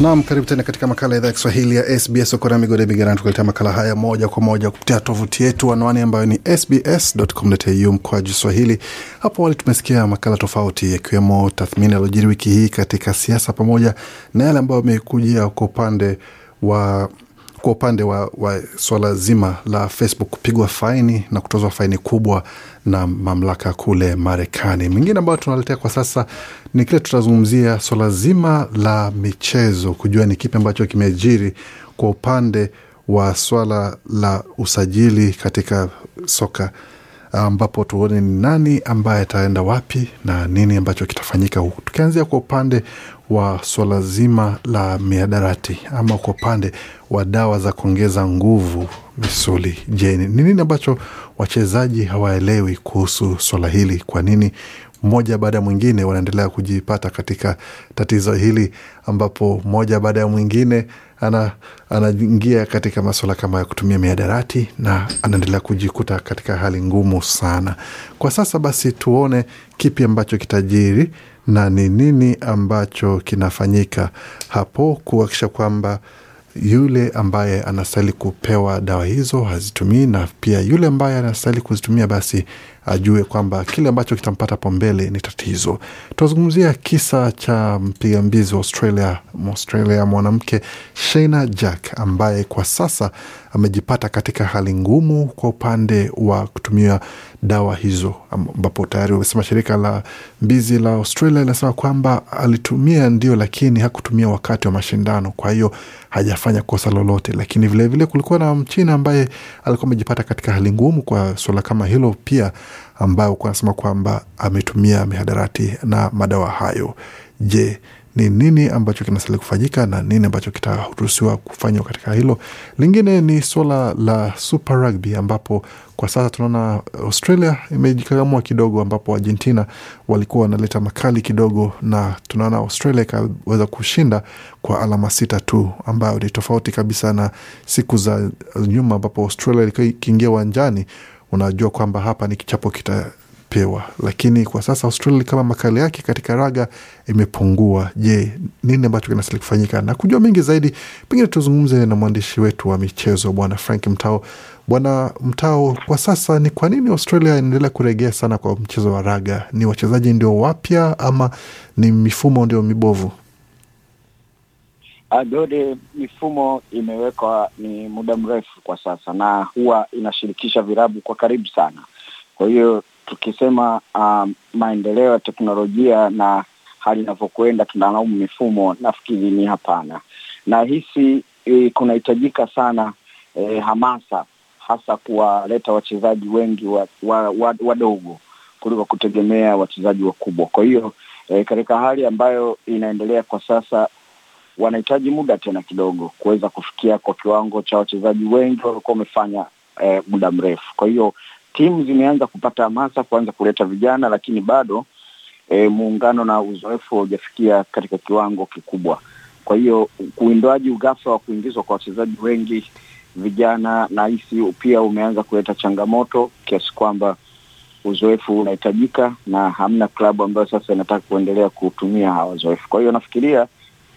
Nam, karibu tena katika makala ya idhaa ya Kiswahili ya SBS. ukona migode migerani, tukuletea makala haya moja kwa moja kupitia tovuti yetu, anwani ambayo ni sbs.com.au mkwaju swahili. Hapo awali tumesikia makala tofauti, yakiwemo tathmini yalojiri wiki hii katika siasa, pamoja na yale ambayo amekujia kwa upande wa kwa upande wa, wa swala zima la Facebook kupigwa faini na kutozwa faini kubwa na mamlaka kule Marekani. Mingine ambayo tunaletea kwa sasa ni kile tutazungumzia swala zima la michezo, kujua ni kipi ambacho kimejiri kwa upande wa swala la usajili katika soka ambapo tuone ni nani ambaye ataenda wapi na nini ambacho kitafanyika, huku tukianzia kwa upande wa swala zima la miadarati ama kwa upande wa dawa za kuongeza nguvu misuli. Je, ni nini ambacho wachezaji hawaelewi kuhusu swala hili? Kwa nini mmoja baada ya mwingine wanaendelea kujipata katika tatizo hili ambapo mmoja baada ya mwingine anaingia ana katika maswala kama ya kutumia miadarati na anaendelea kujikuta katika hali ngumu sana kwa sasa. Basi tuone kipi ambacho kitajiri na ni nini ambacho kinafanyika hapo kuhakikisha kwamba yule ambaye anastahili kupewa dawa hizo hazitumii, na pia yule ambaye anastahili kuzitumia basi ajue kwamba kile ambacho kitampata hapo mbele ni tatizo. Tunazungumzia kisa cha mpiga mbizi wa Australia, Australia mwanamke Shaina Jack ambaye kwa sasa amejipata katika hali ngumu kwa upande wa kutumia dawa hizo, ambapo tayari wamesema shirika la mbizi la Australia linasema kwamba alitumia ndio, lakini hakutumia wakati wa mashindano, kwa hiyo hajafanya kosa lolote. Lakini vilevile vile kulikuwa na Mchina ambaye alikuwa amejipata katika hali ngumu kwa suala kama hilo pia ambayo anasema kwamba ametumia mihadarati na madawa hayo. Je, ni nini ambacho kinastahili kufanyika na nini ambacho kitaruhusiwa kufanywa katika hilo? Lingine ni swala la Super Rugby ambapo kwa sasa tunaona Australia imejikakamua kidogo, ambapo Argentina walikuwa wanaleta makali kidogo, na tunaona Australia ikaweza kushinda kwa alama sita tu, ambayo ni tofauti kabisa na siku za nyuma ambapo Australia ilikuwa ikiingia uwanjani unajua kwamba hapa ni kichapo kitapewa. Lakini kwa sasa Australia kama makali yake katika raga imepungua. Je, nini ambacho kinastahili kufanyika? Na kujua mengi zaidi, pengine tuzungumze na mwandishi wetu wa michezo Bwana Frank Mtao. Bwana Mtao, kwa sasa ni kwa nini Australia inaendelea kuregea sana kwa mchezo wa raga? Ni wachezaji ndio wapya ama ni mifumo ndio mibovu? Adode, mifumo imewekwa ni muda mrefu kwa sasa na huwa inashirikisha virabu kwa karibu sana. Kwa hiyo tukisema um, maendeleo ya teknolojia na hali inavyokwenda tunalaumu mifumo, nafikiri ni hapana. Nahisi e, kunahitajika sana e, hamasa hasa kuwaleta wachezaji wengi wadogo wa, wa, wa kuliko kutegemea wachezaji wakubwa. Kwa hiyo e, katika hali ambayo inaendelea kwa sasa wanahitaji muda tena kidogo kuweza kufikia kwa kiwango cha wachezaji wengi waliokuwa wamefanya eh, muda mrefu. Kwa hiyo timu zimeanza kupata hamasa kuanza kuleta vijana, lakini bado eh, muungano na uzoefu haujafikia katika kiwango kikubwa. Kwa hiyo uindoaji ugafa wa kuingizwa kwa wachezaji wengi vijana nahisi pia umeanza kuleta changamoto kiasi kwamba uzoefu unahitajika, na hamna klabu ambayo sasa inataka kuendelea kutumia hawa wazoefu. Kwa hiyo nafikiria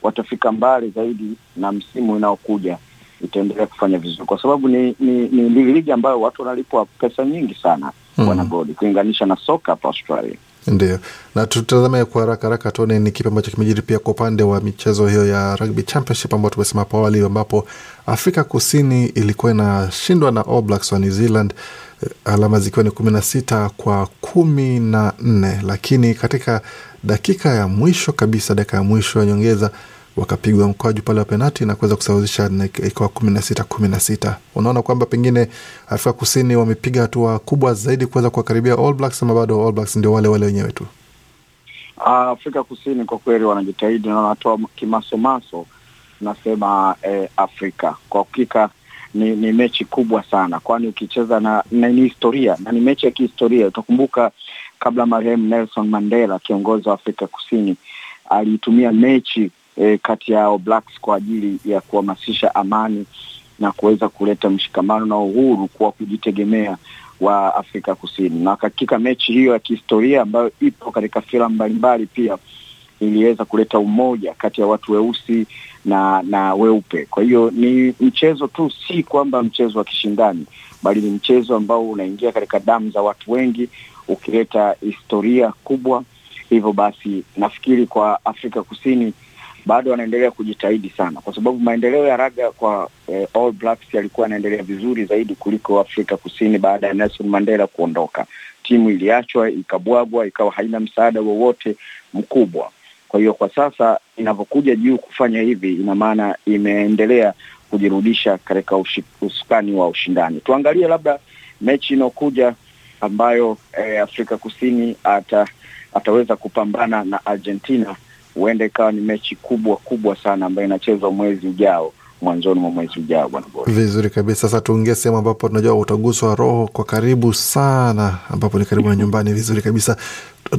watafika mbali zaidi, na msimu unaokuja itaendelea kufanya vizuri, kwa sababu ni ni, ni ligi ambayo watu wanalipwa pesa nyingi sana mm. Godi, kulinganisha na soka hapa Australia. Ndio, na tutazame kwa haraka haraka tuone ni kipi ambacho kimejiri pia kwa upande wa michezo hiyo ya Rugby Championship ambayo tumesema hapo awali, ambapo Afrika Kusini ilikuwa inashindwa na All Blacks wa New Zealand eh, alama zikiwa ni kumi na sita kwa kumi na nne lakini katika dakika ya mwisho kabisa, dakika ya mwisho ya nyongeza wakapigwa mkwaju pale wa penati na kuweza kusawazisha ikawa kumi na sita kumi na sita. Unaona kwamba pengine Afrika Kusini wamepiga hatua kubwa zaidi kuweza kuwakaribia All Blacks, ama bado All Blacks ndio wale wale wenyewe tu? Ah, Afrika Kusini kwa kweli wanajitahidi na wanatoa kimasomaso, nasema eh, Afrika kwa hakika ni, ni mechi kubwa sana, kwani ukicheza na, na ni historia na ni mechi ya kihistoria. Utakumbuka kabla marehemu Nelson Mandela, kiongozi wa Afrika Kusini, aliitumia mechi e, kati yao blacks kwa ajili ya kuhamasisha amani na kuweza kuleta mshikamano na uhuru kwa kujitegemea wa Afrika Kusini. Na katika mechi hiyo ya kihistoria ambayo ipo katika filamu mbalimbali pia iliweza kuleta umoja kati ya watu weusi na na weupe. Kwa hiyo ni mchezo tu, si kwamba mchezo wa kishindani, bali ni mchezo ambao unaingia katika damu za watu wengi, ukileta historia kubwa. Hivyo basi nafikiri kwa Afrika Kusini bado wanaendelea kujitahidi sana, kwa sababu maendeleo ya raga kwa eh, All Blacks yalikuwa yanaendelea vizuri zaidi kuliko Afrika Kusini baada ya Nelson Mandela kuondoka. Timu iliachwa ikabwagwa, ikawa haina msaada wowote mkubwa. Kwa hiyo kwa sasa inavyokuja juu kufanya hivi, ina maana imeendelea kujirudisha katika usukani wa ushindani. Tuangalie labda mechi inayokuja ambayo eh, Afrika Kusini ata, ataweza kupambana na Argentina huenda ikawa ni mechi kubwa kubwa sana ambayo inachezwa mwezi ujao mwanzoni mwa mwezi ujao. Bwana Bora, vizuri kabisa. Sasa tuongee sehemu ambapo tunajua utaguswa roho kwa karibu sana, ambapo ni karibu na nyumbani. Vizuri kabisa.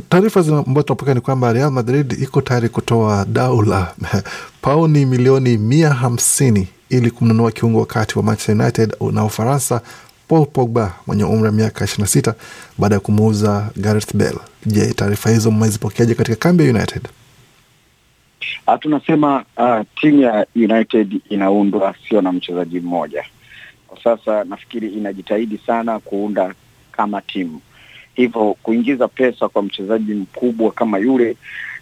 Taarifa ambazo tunapokea ni kwamba Real Madrid iko tayari kutoa dau la pauni milioni mia hamsini ili kumnunua kiungo wakati wa Manchester United na Ufaransa Paul Pogba mwenye umri wa miaka 26 baada ya kumuuza Gareth Bale. Je, taarifa hizo mmezipokeaje katika kambi ya United? A, ah, tunasema uh, timu ya United inaundwa sio na mchezaji mmoja. Kwa sasa nafikiri inajitahidi sana kuunda kama timu, hivyo kuingiza pesa kwa mchezaji mkubwa kama yule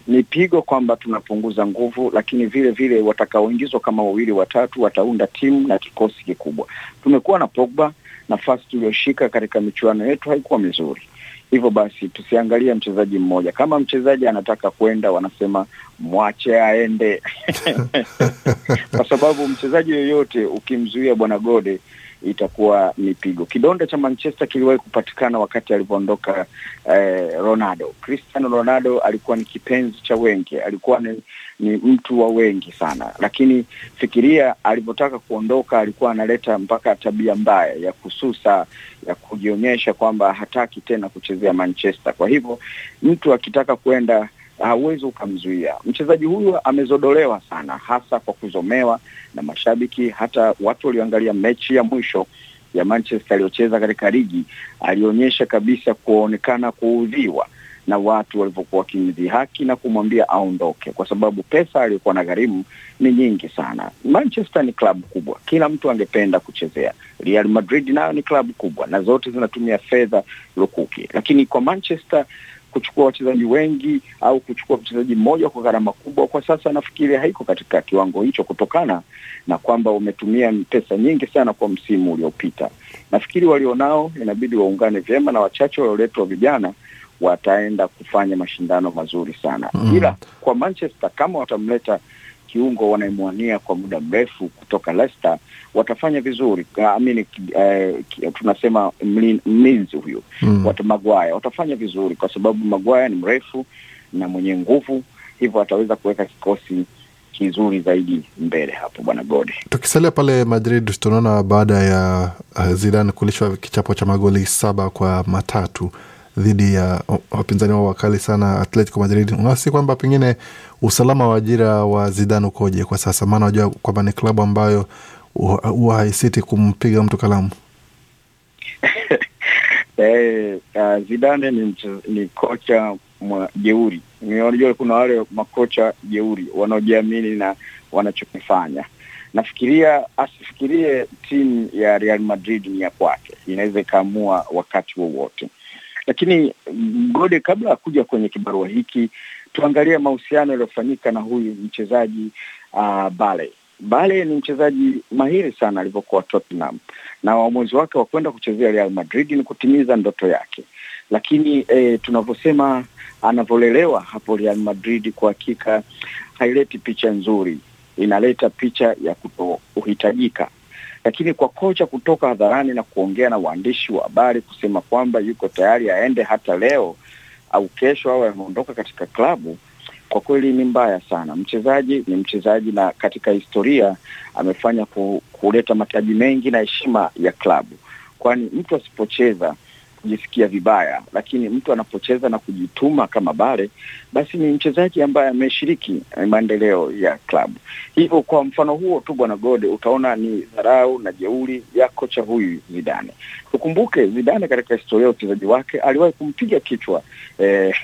ni pigo kwamba tunapunguza nguvu, lakini vile vile watakaoingizwa kama wawili watatu wataunda timu na kikosi kikubwa. Tumekuwa na Pogba, nafasi tuliyoshika katika michuano yetu haikuwa mizuri Hivyo basi tusiangalie mchezaji mmoja. Kama mchezaji anataka kwenda, wanasema mwache aende kwa sababu mchezaji yoyote ukimzuia bwana Gode itakuwa ni pigo. Kidonda cha Manchester kiliwahi kupatikana wakati alivyoondoka eh, Ronaldo. Cristiano Ronaldo alikuwa ni kipenzi cha wengi, alikuwa ni, ni mtu wa wengi sana, lakini fikiria alivyotaka kuondoka, alikuwa analeta mpaka tabia mbaya ya kususa, ya kujionyesha kwamba hataki tena kuchezea Manchester. Kwa hivyo mtu akitaka kwenda hauwezi ukamzuia mchezaji huyu. Amezodolewa sana, hasa kwa kuzomewa na mashabiki. Hata watu walioangalia mechi ya mwisho ya Manchester aliyocheza katika ligi, alionyesha kabisa kuonekana kuudhiwa na watu walivyokuwa wakimdhihaki na kumwambia aondoke, kwa sababu pesa aliyokuwa na gharimu ni nyingi sana. Manchester ni klabu kubwa, kila mtu angependa kuchezea. Real Madrid nayo ni klabu kubwa, na zote zinatumia fedha lukuki, lakini kwa Manchester kuchukua wachezaji wengi au kuchukua mchezaji mmoja kwa gharama kubwa, kwa sasa nafikiri haiko katika kiwango hicho, kutokana na kwamba umetumia pesa nyingi sana kwa msimu uliopita. Nafikiri walionao inabidi waungane vyema na wachache walioletwa vijana wataenda kufanya mashindano mazuri sana mm. Ila kwa Manchester kama watamleta kiungo wanayemwania kwa muda mrefu kutoka Leicester watafanya vizuri. Amini ah, eh, tunasema mlinzi huyo mm. wata Maguire watafanya vizuri kwa sababu Maguire ni mrefu na mwenye nguvu, hivyo ataweza kuweka kikosi kizuri zaidi mbele hapo, bwana Gode. Tukisalia pale Madrid, tunaona baada ya eh, Zidane kulishwa kichapo cha magoli saba kwa matatu dhidi ya wapinzani wao wakali sana Atletico Madrid. Unasi kwamba pengine usalama wa ajira wa Zidane ukoje kwa sasa? Maana wajua kwamba ni klabu ambayo huwa haisiti kumpiga mtu kalamu. Hey, uh, ah, Zidane ni, ni kocha mwa jeuri. Unajua kuna wale makocha jeuri wanaojiamini na wanachokifanya. Nafikiria asifikirie timu ya Real Madrid ni ya kwake, inaweza ikaamua wakati wowote wa lakini Mgode, kabla ya kuja kwenye kibarua hiki, tuangalie mahusiano yaliyofanyika na huyu mchezaji uh, Bale. Bale ni mchezaji mahiri sana alivyokuwa Tottenham, na uamuzi wake wa kwenda kuchezea Real Madrid ni kutimiza ndoto yake, lakini eh, tunavyosema anavyolelewa hapo Real Madrid kwa hakika haileti picha nzuri, inaleta picha ya kutohitajika lakini kwa kocha kutoka hadharani na kuongea na waandishi wa habari kusema kwamba yuko tayari aende hata leo au kesho au ameondoka katika klabu, kwa kweli ni mbaya sana. Mchezaji ni mchezaji, na katika historia amefanya kuleta mataji mengi na heshima ya klabu, kwani mtu asipocheza kujisikia vibaya, lakini mtu anapocheza na kujituma kama Bale, basi ni mchezaji ambaye ameshiriki eh, maendeleo ya klabu. Hivyo kwa mfano huo tu, bwana Gode, utaona ni dharau na jeuri ya kocha huyu Zidane. Tukumbuke Zidane katika historia ya uchezaji wake aliwahi kumpiga kichwa eh,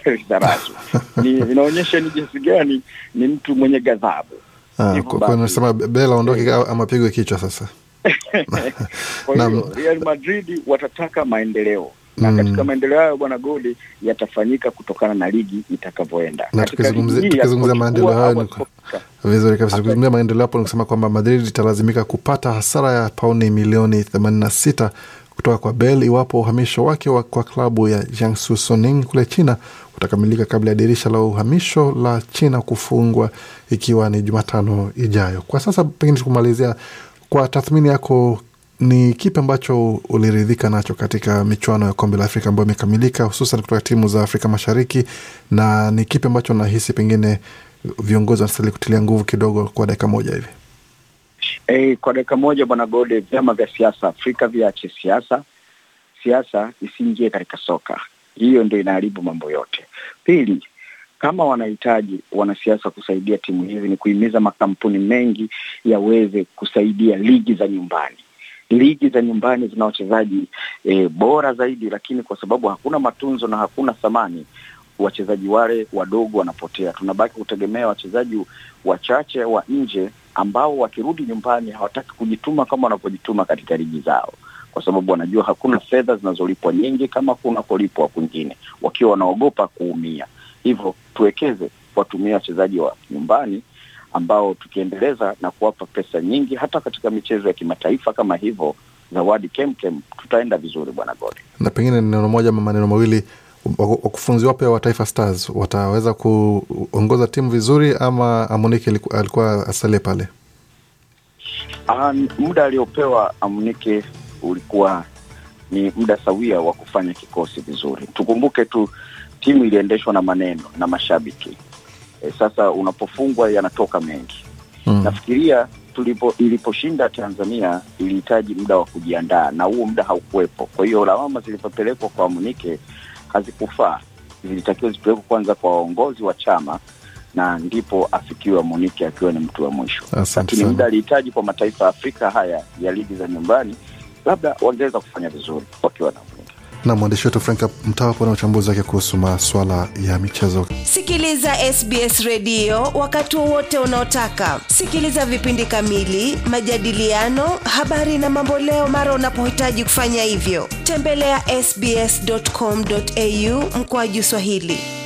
ni inaonyesha ni jinsi gani ni mtu mwenye ghadhabu. Ah, Nasema Bela aondoke eh. ama apigwe kichwa sasa. Kwa hiyo Real Madrid watataka maendeleo na mm. katika maendeleo hayo bwana Goli yatafanyika kutokana na ligi itakavyoenda. Na tukizungumza maendeleo hayo vizuri kabisa, tukizungumzia maendeleo hapo nikusema kwamba Madrid italazimika kupata hasara ya pauni milioni themanini na sita kutoka kwa Bel iwapo uhamisho wake wa kwa klabu ya Jiangsu Suning kule China utakamilika kabla ya dirisha la uhamisho la China kufungwa ikiwa ni Jumatano ijayo. Kwa sasa, pengine tukumalizia kwa tathmini yako ni kipi ambacho uliridhika nacho katika michuano ya kombe la Afrika ambayo imekamilika, hususan kutoka timu za Afrika Mashariki, na ni kipi ambacho nahisi pengine viongozi wanastahili kutilia nguvu kidogo kwa dakika moja hivi? E, kwa dakika moja bwana Gode, vyama vya siasa Afrika viache siasa. Siasa isiingie katika soka, hiyo ndio inaharibu mambo yote. Pili, kama wanahitaji wanasiasa kusaidia timu hizi, ni kuhimiza makampuni mengi yaweze kusaidia ligi za nyumbani ligi za nyumbani zina wachezaji e, bora zaidi, lakini kwa sababu hakuna matunzo na hakuna thamani wachezaji wale wadogo wanapotea. Tunabaki kutegemea wachezaji wachache wa nje ambao wakirudi nyumbani hawataki kujituma kama wanavyojituma katika ligi zao, kwa sababu wanajua hakuna fedha zinazolipwa nyingi kama kunakolipwa kwingine, wakiwa wanaogopa kuumia. Hivyo tuwekeze, kuwatumia wachezaji wa nyumbani ambao tukiendeleza na kuwapa pesa nyingi hata katika michezo ya kimataifa kama hivyo zawadi kemkem, tutaenda vizuri bwana Gode. Na pengine neno moja ama maneno mawili, wakufunzi wapya wa Taifa Stars wataweza kuongoza timu vizuri ama Amunike alikuwa asalie pale? Ah, muda aliopewa Amunike ulikuwa ni muda sawia wa kufanya kikosi vizuri. Tukumbuke tu timu iliendeshwa na maneno na mashabiki e, sasa unapofungwa yanatoka mengi mm. Nafikiria tulipo iliposhinda Tanzania ilihitaji muda wa kujiandaa na huo muda haukuwepo. Kwa hiyo lawama zilipopelekwa kwa Munike hazikufaa, zilitakiwa zipelekwe kwanza kwa waongozi wa chama na ndipo afikiwa Munike akiwa ni mtu wa mwisho, lakini muda alihitaji kwa mataifa ya Afrika haya ya ligi za nyumbani, labda wangeweza kufanya vizuri wakiwa na na mwandishi wetu Frank Mtawapo na uchambuzi wake kuhusu maswala ya michezo. Sikiliza SBS redio wakati wowote unaotaka. Sikiliza vipindi kamili, majadiliano, habari na mamboleo mara unapohitaji kufanya hivyo. Tembelea ya sbs.com.au mkoaji Swahili.